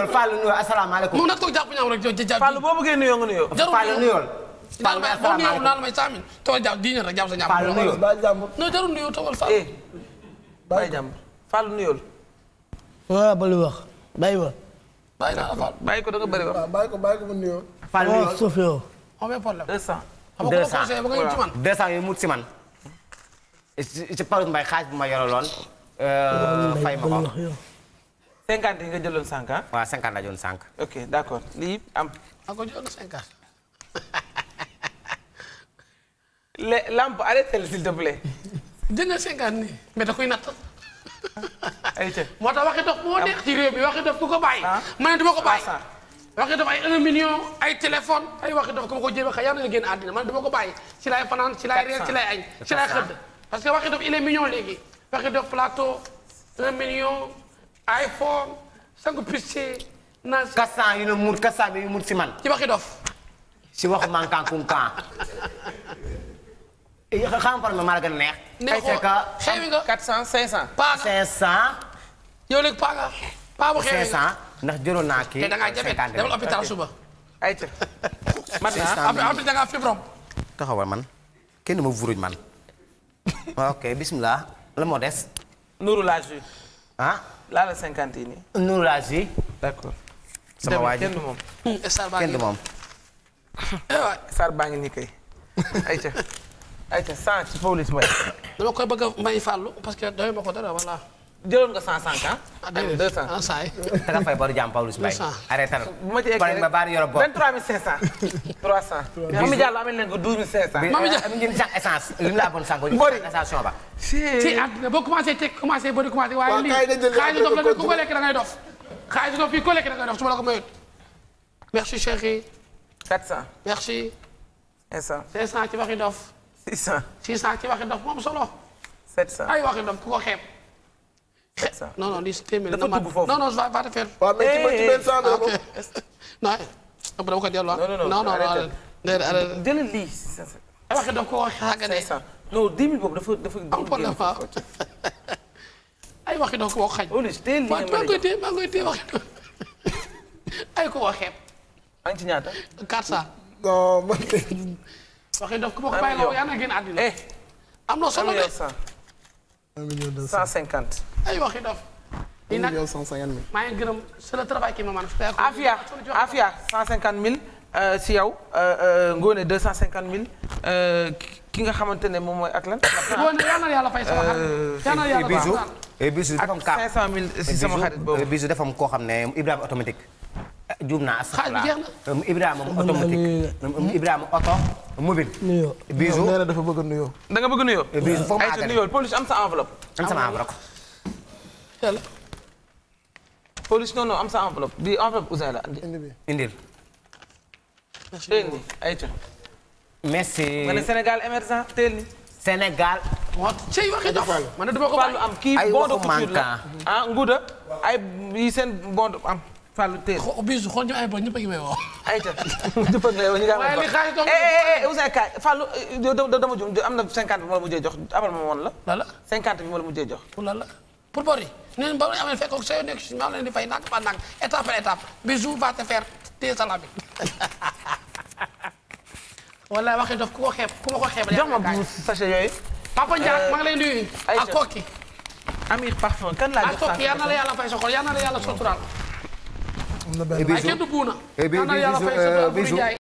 nuyool Fallou nuyool asalaamaaleykum. moom nag toog jàpp ñaaw rek jàpp. Fallou boo bëggee nuyoo nga nuyoo. jarul Fallou nuyool. Fallou asalaamaaleykum naan may saamin toog jàpp diine rek jàpp sa ñaaw. Fallou nuyool bàyyi jàmbur. non jarul nuyoo toogal Fallou. eh bàyyi jàmbur Fallou nuyool. waaw ba lu wax bàyyi ma. bàyyi naa la Fallou bàyyi ko da nga bëri wax. waaw bàyyi ko bàyyi ko mu nuyoo. Fallou nuyool waaw oh, suuf yow. amee problème 200. 200 waaw 200 yooyu mu ci man. ci Pape Mbaye xaalis bu ma yoroloon euh, fay ma ko cinquante yi nga jëloon sànq ah. waaw cinquante laa jëloon sànq. ok d' accord lii am. ah ko jëloon cinquante. Ah. les lampes arrêtez-le s'il te plaît. jël na cinquante nii mais da natt. moo tax waxi dof moo neex ci réew mi waxi dof ku ko bàyyi. Ah. ma ne du ma ko bàyyi. waxi dof ay 1 million ay téléphone ay waxi dof ko jéem a xëy yàlla na génn àddina ma ne ko bàyyi ci laay fanaan ci laay reer ci laay añ ci laay xëdd parce que waxi dof il est million léegi waxi dof plateau 1 million. iPhone sangu piste naa si. 400 yu ne muur 400 yu muur si man. ci waxi dof. si waxu mankan kunkan. Eh, xam nga neex. neexoo xewi nga 400 500. paa 500. yow léegi paa nga paa bu xewi 500 ndax jëloon naa kii. te da ngaa jabet demal hôpital suba. ayca man ah da taxawal man kenn ma vuruñ man. ok bismillah la moo des. Nourou Lassou. ah. laa la cinquante yi nii. nu la d'accord. sama waa ji kenn du moom. Hmm, kenn du eh, baa ngi nii kay. ayca ayca sans ci Pawlish Mbaye. dama koy bëgg a may fàllu parce que doy ma ko dara voilà. jëloon nga 150 ah. 200 ah saa ah, yi. te nga fay boru jàmm Paulus Mbaye. arrêté na bu ma ci yeggee ba baal yorob bopp 23500. 300. Mami Diallo amee nañ ko 12500. Mami euh, Diallo ngeen sax essence li mu la abon sànq. Mbori station ba. ci àdduna boo commencé teg commencé boo di commencé. waaye lii xaaju dof la ne ku ko lekk da ngay dof. xaaju dof fii ku ko lekk da ngay dof su ma la ko mayut. merci chéri. 400. merci. 500. 500 ci waxi dof. 600. 600 ci waxi dof moom solo. 700 ay waxi dof ku ko xeeb. non non lii téeméer na ma non te faire. waaw mais ci ci benn ko delloo. non non non arrêté jëlal lii. wax ko xaagane. non 10 000 boobu ay waxi doo ko wax xañ. olis teel lii ay ko waxee. maa ngi ci ñaata. 400. non man. waxi ko bàyyi loo yaa na génn am na solo de. ay waxi dof. li nag yow 150 000. maa ngi gërëm c'est le travail qui me manage. Afia Afia 150 000 euh, si yow euh, euh, Ngone 250 nga xamante ne moom mooy ak lan. Ngone yal na yàlla fay sama xarit. yal na yàlla fay sama koo xam ne Ibrahima automatique. juum naa astafurlah Ibrahima automatique Ibrahima auto mobile. nuyoo bisu nee na dafa bëgg nuyoo. da bëgg nuyoo. bisu foo mu àggale nuyoo police am sa enveloppe. am sama tel police noonu am sa enveloppe bi la andi. indil. teel ni ayca. merci. nga ne Sénégal émergent jox man de dama ko kii bon de couture la ah nguuda ay yi seen bon de am. Fallou teel xo bisu xool ñu ay bon ñëpp a ngi may woo. ayca ñëpp a ngi may woo ñu ngi amee bon waaye eh, eh, eh, Ouzin Ka Fallou dama jum am na 50 bi ma la mujjee jox abal ma woon la. lala 50 bi ma la mujjee jox. lala. pour bori neen ba amee fekk ko sayo nekk maa leen di fay ndànk ba ndànk étape par étape bisou va te faire des salami wala waxee dof ku ko xeeb ku ma ko xeeb jox ma bu sachet yooyu papa Ndiak euh, maa ngi lay ak kokki amir parfum kan laa jox kokki yal na la yàlla fay soxol eh yal na la yàlla soturaal ay kenn du buuna na la yàlla fay soxol